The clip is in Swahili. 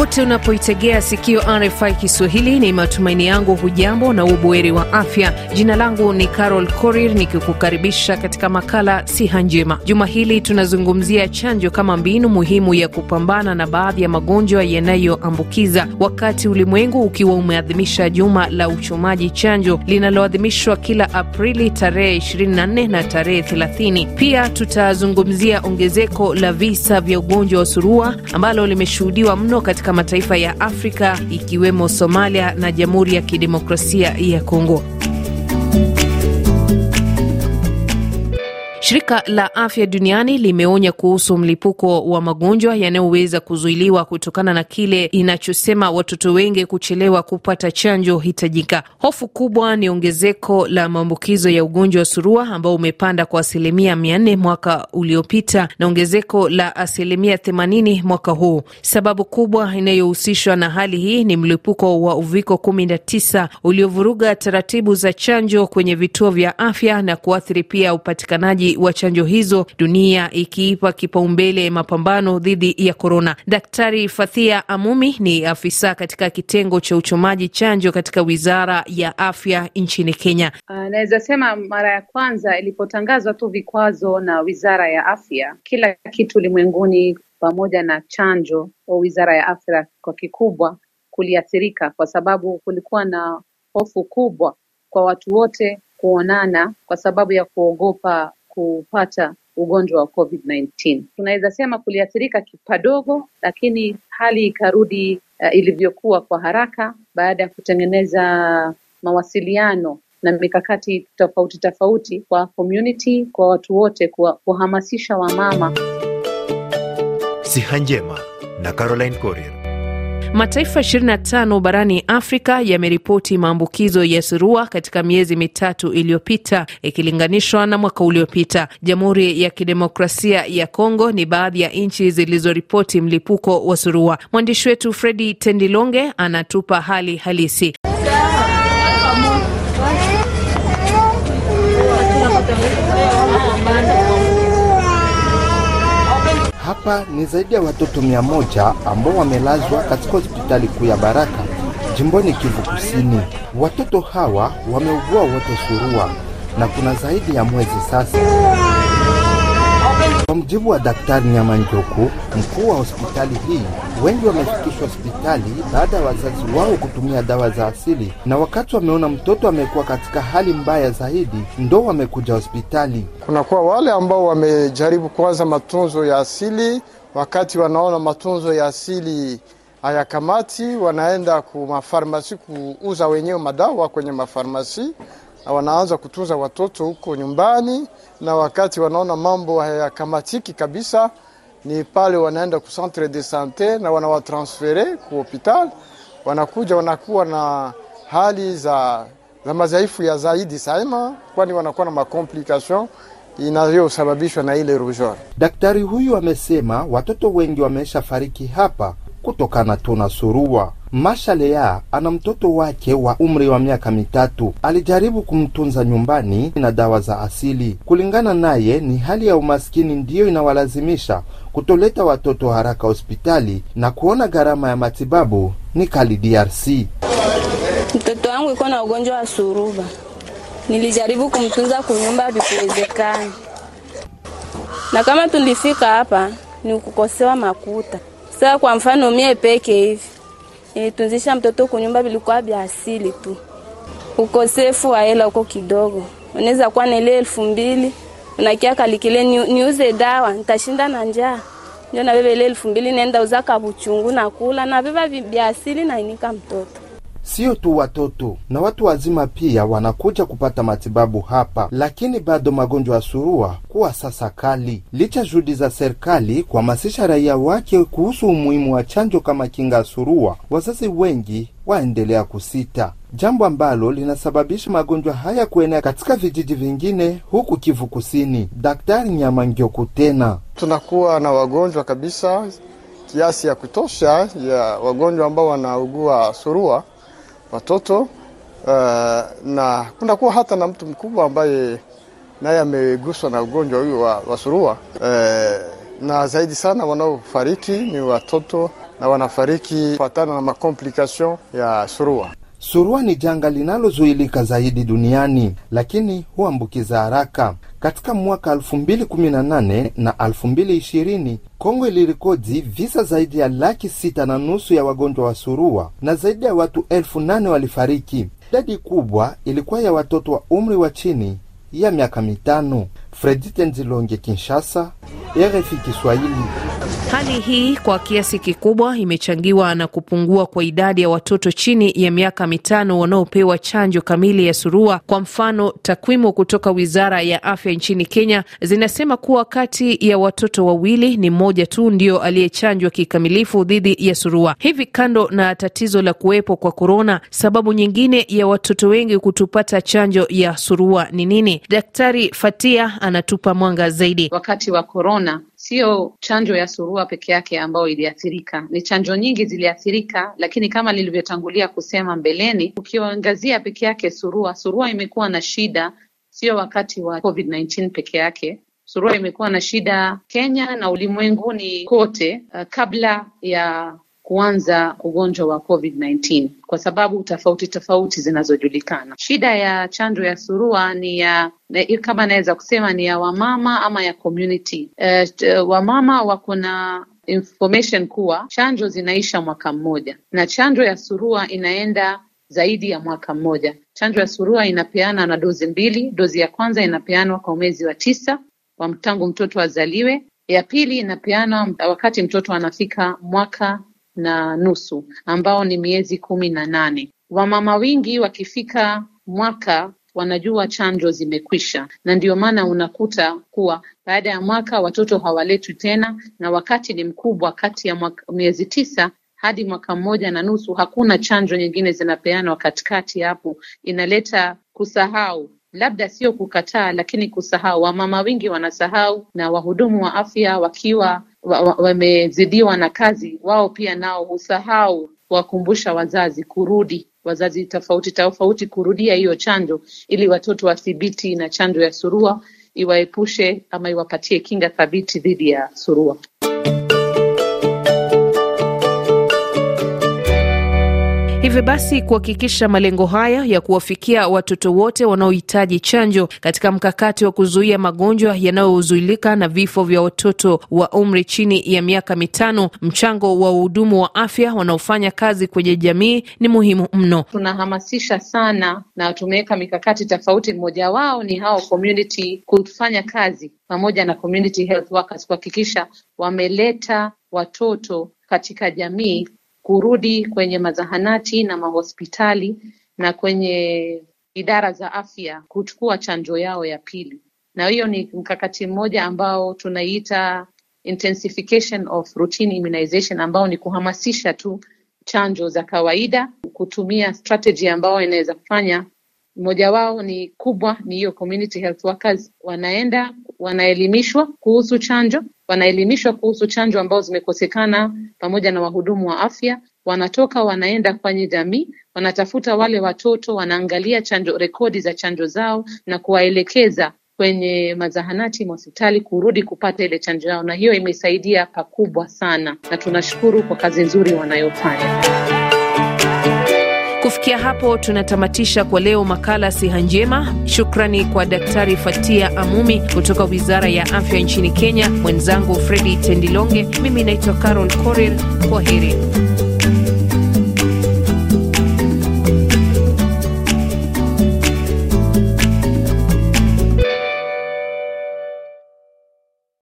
popote unapoitegea sikio RFI Kiswahili, ni matumaini yangu hujambo na ubuheri wa afya. Jina langu ni Carol Korir nikikukaribisha katika makala siha njema. Juma hili tunazungumzia chanjo kama mbinu muhimu ya kupambana na baadhi ya magonjwa yanayoambukiza, wakati ulimwengu ukiwa umeadhimisha juma la uchomaji chanjo linaloadhimishwa kila Aprili tarehe 24 na tarehe 30. Pia tutazungumzia ongezeko la visa vya ugonjwa wa surua ambalo limeshuhudiwa mno katika katika mataifa ya Afrika ikiwemo Somalia na Jamhuri ya Kidemokrasia ya Kongo. Shirika la Afya Duniani limeonya kuhusu mlipuko wa magonjwa yanayoweza kuzuiliwa kutokana na kile inachosema watoto wengi kuchelewa kupata chanjo hitajika. Hofu kubwa ni ongezeko la maambukizo ya ugonjwa wa surua ambao umepanda kwa asilimia mia nne mwaka uliopita na ongezeko la asilimia themanini mwaka huu. Sababu kubwa inayohusishwa na hali hii ni mlipuko wa uviko kumi na tisa uliovuruga taratibu za chanjo kwenye vituo vya afya na kuathiri pia upatikanaji wa chanjo hizo, dunia ikiipa kipaumbele mapambano dhidi ya korona. Daktari Fathia Amumi ni afisa katika kitengo cha uchomaji chanjo katika wizara ya afya nchini Kenya. Anaweza ah, sema mara ya kwanza ilipotangazwa tu vikwazo na wizara ya afya, kila kitu ulimwenguni pamoja na chanjo wa wizara ya afya kwa kikubwa kuliathirika, kwa sababu kulikuwa na hofu kubwa kwa watu wote kuonana kwa sababu ya kuogopa kupata ugonjwa wa COVID-19. Tunaweza sema kuliathirika kipadogo, lakini hali ikarudi uh, ilivyokuwa kwa haraka baada ya kutengeneza mawasiliano na mikakati tofauti tofauti kwa community, kwa watu wote, kuhamasisha wamama. Siha Njema na Caroline Corrier. Mataifa 25 barani Afrika yameripoti maambukizo ya surua katika miezi mitatu iliyopita ikilinganishwa na mwaka uliopita. Jamhuri ya Kidemokrasia ya Kongo ni baadhi ya nchi zilizoripoti mlipuko wa surua. Mwandishi wetu Fredi Tendilonge anatupa hali halisi. Hapa ni zaidi ya watoto mia moja ambao wamelazwa katika hospitali kuu ya Baraka jimboni Kivu Kusini. Watoto hawa wameugua wote surua na kuna zaidi ya mwezi sasa. Kwa mjibu wa Daktari nyama njoku mkuu wa hospitali hii, wengi wamefikishwa hospitali baada ya wazazi wao kutumia dawa za asili, na wakati wameona mtoto amekuwa katika hali mbaya zaidi, ndo wamekuja hospitali. Kunakuwa wale ambao wamejaribu kuanza matunzo ya asili, wakati wanaona matunzo ya asili haya kamati wanaenda ku mafarmasi kuuza wenyewe madawa kwenye mafarmasi, na wanaanza kutunza watoto huko nyumbani, na wakati wanaona mambo hayakamatiki kabisa, ni pale wanaenda ku centre de sante na wanawatransfere ku hopital, wanakuja wanakuwa na hali za, za madhaifu ya zaidi saima, kwani wanakuwa na makomplikation inayosababishwa na ile rujor. Daktari huyu amesema watoto wengi wameshafariki hapa kutokana tu na surua. Mashalea ana mtoto wake wa umri wa miaka mitatu. Alijaribu kumtunza nyumbani na dawa za asili. Kulingana naye, ni hali ya umaskini ndiyo inawalazimisha kutoleta watoto haraka hospitali na kuona gharama ya matibabu ni kali. DRC, mtoto wangu iko na ugonjwa wa suruba. Nilijaribu kumtunza kunyumba, vikuwezekani, na kama tulifika hapa ni kukosewa makuta sasa kwa mfano mie peke hivi eh, tunzisha mtoto kunyumba bilikuwa bya asili tu, ukosefu wa hela uko kidogo, unaweza kuwa na ile elfu mbili unakia kalikile niuze dawa nitashinda na njaa, ndio nabeba ile elfu mbili naenda uzaka buchungu na kula nabeba bya asili nainika mtoto Sio tu watoto na watu wazima pia wanakuja kupata matibabu hapa, lakini bado magonjwa ya surua kuwa sasa kali, licha juhudi za serikali kuhamasisha raia wake kuhusu umuhimu wa chanjo kama kinga ya surua. Wazazi wengi waendelea kusita, jambo ambalo linasababisha magonjwa haya kuenea katika vijiji vingine huku Kivu Kusini. Daktari Nyama Ngyoku: tena tunakuwa na wagonjwa kabisa kiasi ya kutosha ya wagonjwa ambao wanaugua surua watoto eh, na kunakuwa hata na mtu mkubwa ambaye naye ameguswa na ugonjwa huyu wa, wa surua eh, na zaidi sana wanaofariki ni watoto na wanafariki kufuatana na makomplikation ya surua. Surua ni janga linalozuilika zaidi duniani, lakini huambukiza haraka. Katika mwaka 2018 na 2020 Kongo ilirekodi visa zaidi ya laki sita na nusu ya wagonjwa wa surua na zaidi ya watu elfu nane walifariki. Idadi kubwa ilikuwa ya watoto wa umri wa chini ya miaka mitano. Fredi Tenzilonge, Kinshasa, RFI Kiswahili. Hali hii kwa kiasi kikubwa imechangiwa na kupungua kwa idadi ya watoto chini ya miaka mitano wanaopewa chanjo kamili ya surua. Kwa mfano, takwimu kutoka Wizara ya Afya nchini Kenya zinasema kuwa kati ya watoto wawili ni mmoja tu ndio aliyechanjwa kikamilifu dhidi ya surua. Hivi kando na tatizo la kuwepo kwa korona, sababu nyingine ya watoto wengi kutopata chanjo ya surua ni nini? Daktari Fatia anatupa mwanga zaidi. Wakati wa korona, sio chanjo ya surua kuwa peke yake ambao iliathirika, ni chanjo nyingi ziliathirika, lakini kama lilivyotangulia kusema mbeleni, ukiangazia peke yake surua, surua imekuwa na shida, sio wakati wa COVID-19 peke yake. Surua imekuwa na shida Kenya na ulimwenguni kote, uh, kabla ya kuanza ugonjwa wa COVID-19 kwa sababu tofauti tofauti zinazojulikana. Shida ya chanjo ya surua ni ya kama naweza kusema ni ya wamama ama ya community. Uh, wamama wako na information kuwa chanjo zinaisha mwaka mmoja na chanjo ya surua inaenda zaidi ya mwaka mmoja. Chanjo ya surua inapeana na dozi mbili. Dozi ya kwanza inapeanwa kwa mwezi wa tisa wa tangu mtoto azaliwe, ya pili inapeanwa wakati mtoto anafika mwaka na nusu ambao ni miezi kumi na nane. Wamama wengi wakifika mwaka wanajua chanjo zimekwisha, na ndio maana unakuta kuwa baada ya mwaka watoto hawaletwi tena, na wakati ni mkubwa, kati ya mwaka, miezi tisa hadi mwaka mmoja na nusu. Hakuna chanjo nyingine zinapeanwa katikati hapo, inaleta kusahau labda sio kukataa, lakini kusahau. Wamama wengi wanasahau, na wahudumu wa afya wakiwa wamezidiwa na kazi, wao pia nao husahau kuwakumbusha wazazi kurudi wazazi tofauti tofauti kurudia hiyo chanjo ili watoto wathibiti na chanjo ya surua iwaepushe ama iwapatie kinga thabiti dhidi ya surua. Hivyo basi kuhakikisha malengo haya ya kuwafikia watoto wote wanaohitaji chanjo katika mkakati wa kuzuia magonjwa yanayozuilika na vifo vya watoto wa umri chini ya miaka mitano, mchango wa wahudumu wa afya wanaofanya kazi kwenye jamii ni muhimu mno. Tunahamasisha sana na tumeweka mikakati tofauti, mmoja wao ni hao community kufanya kazi pamoja na community health workers kuhakikisha wameleta watoto katika jamii kurudi kwenye mazahanati na mahospitali na kwenye idara za afya kuchukua chanjo yao ya pili, na hiyo ni mkakati mmoja ambao tunaiita intensification of routine immunization, ambao ni kuhamasisha tu chanjo za kawaida, kutumia strategy ambayo inaweza kufanya mmoja wao ni kubwa ni hiyo community health workers, wanaenda wanaelimishwa kuhusu chanjo, wanaelimishwa kuhusu chanjo ambazo zimekosekana pamoja na wahudumu wa afya. Wanatoka wanaenda kwenye jamii, wanatafuta wale watoto, wanaangalia chanjo, rekodi za chanjo zao na kuwaelekeza kwenye mazahanati, mahospitali kurudi kupata ile chanjo yao, na hiyo imesaidia pakubwa sana, na tunashukuru kwa kazi nzuri wanayofanya. Kufikia hapo tunatamatisha kwa leo makala siha njema. Shukrani kwa Daktari Fatia Amumi kutoka Wizara ya Afya nchini Kenya, mwenzangu Fredi Tendilonge. Mimi naitwa Carol Korir. Kwa heri.